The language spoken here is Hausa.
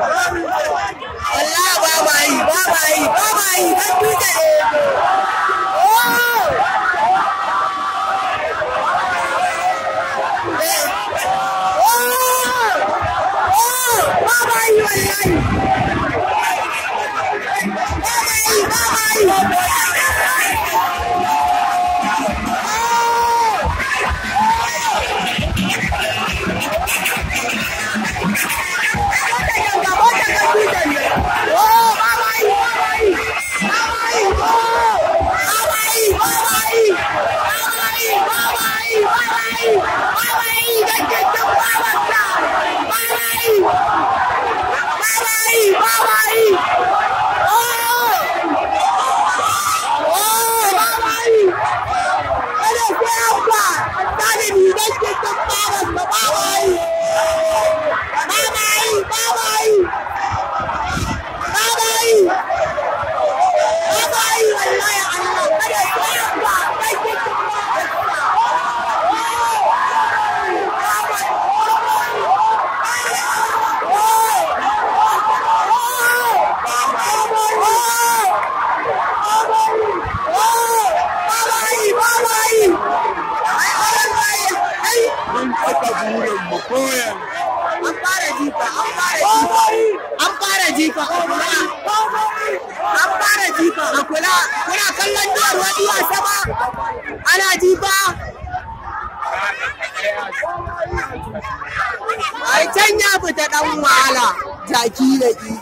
Everybody. Mun saka An fara jifa, an fara jifa. a kula. An fara jifa, a kula. Kuna kallon da ruwa iya sama. Ana jifa. A can ya fita ɗan wahala. Jaki da ƙi.